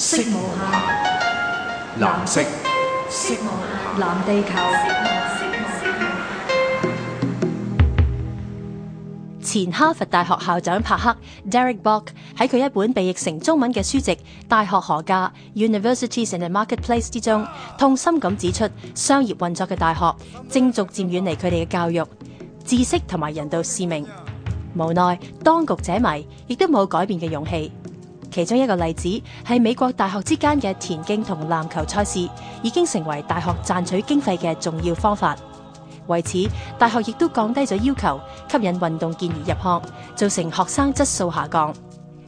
色無限，藍色。色無限，藍地球。前哈佛大學校長柏克 （Derek Bok） 喺佢一本被譯成中文嘅書籍《大學何價 （Universities in the Marketplace）》之中，痛心咁指出，商業運作嘅大學正逐漸遠離佢哋嘅教育、知識同埋人道使命。無奈當局者迷，亦都冇改變嘅勇氣。其中一個例子係美國大學之間嘅田徑同籃球賽事已經成為大學賺取經費嘅重要方法。為此，大學亦都降低咗要求，吸引運動健兒入學，造成學生質素下降。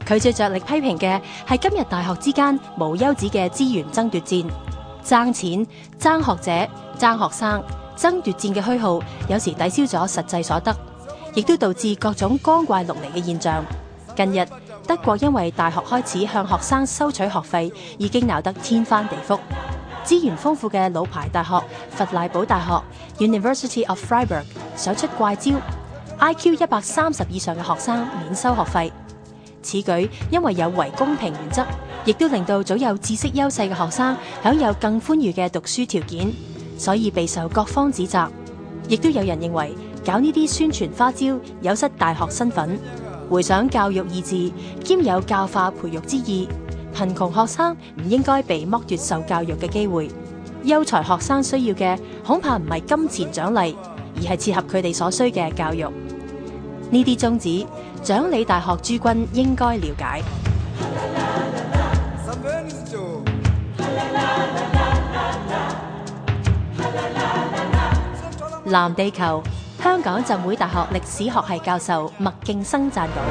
佢最着力批評嘅係今日大學之間無休止嘅資源爭奪戰，爭錢、爭學者、爭學生，爭奪戰嘅虛耗有時抵消咗實際所得，亦都導致各種光怪陸離嘅現象。近日。德國因為大學開始向學生收取學費，已經鬧得天翻地覆。資源豐富嘅老牌大學弗賴堡大學 （University of Freiburg） 想出怪招，IQ 一百三十以上嘅學生免收學費。此舉因為有違公平原則，亦都令到早有知識優勢嘅學生享有更寬裕嘅讀書條件，所以備受各方指責。亦都有人認為搞呢啲宣傳花招，有失大學身份。回想教育意志兼有教化培育之意。貧窮學生唔應該被剝奪受教育嘅機會。優才學生需要嘅恐怕唔係金錢獎勵，而係切合佢哋所需嘅教育。呢啲宗旨，掌理大學諸君應該了解。藍 地球。香港浸會大學歷史學系教授麥勁生撰稿。